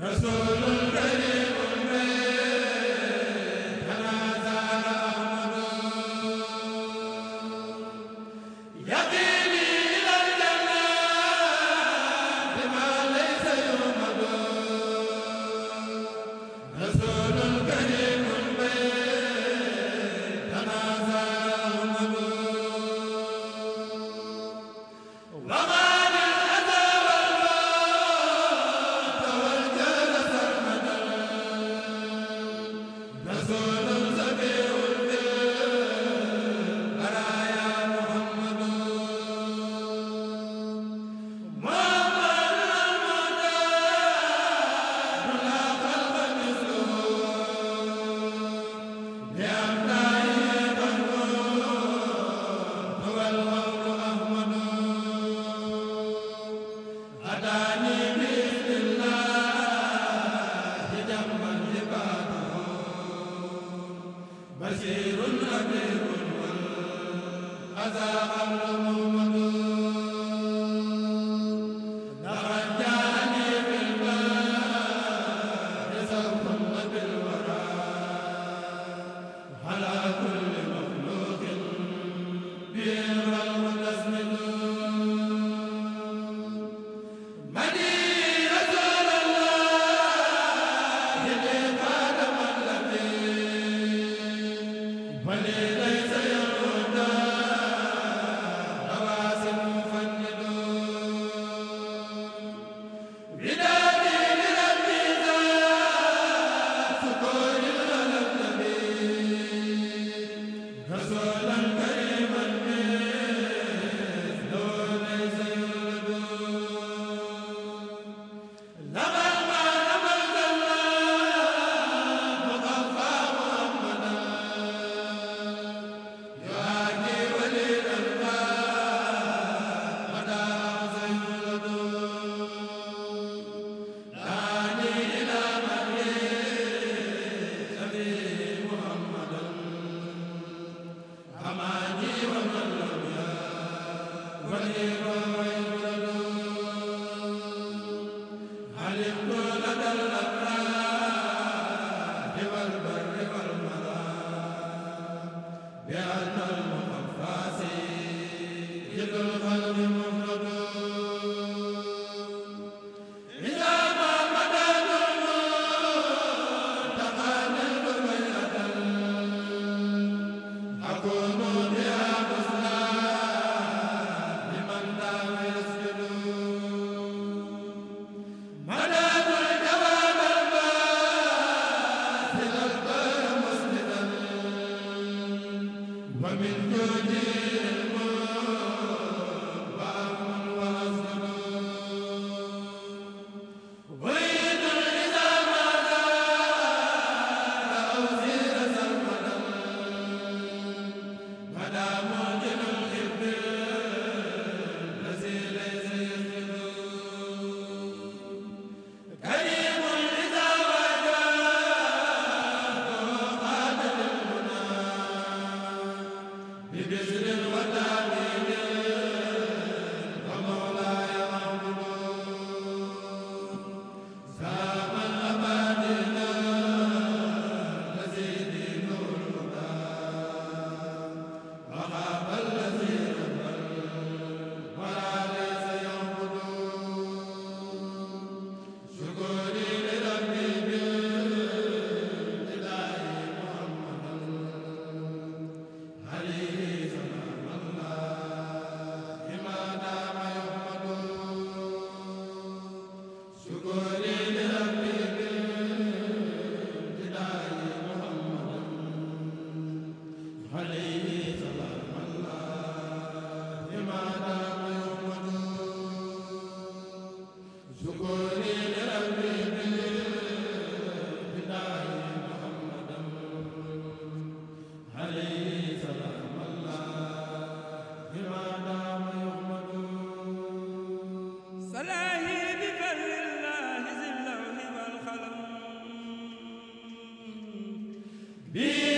Rasulullah بشير نذير والأذى أمر ومن جودي bi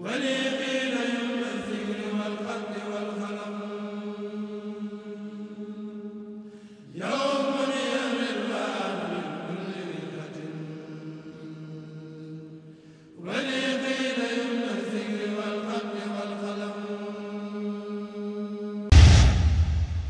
wali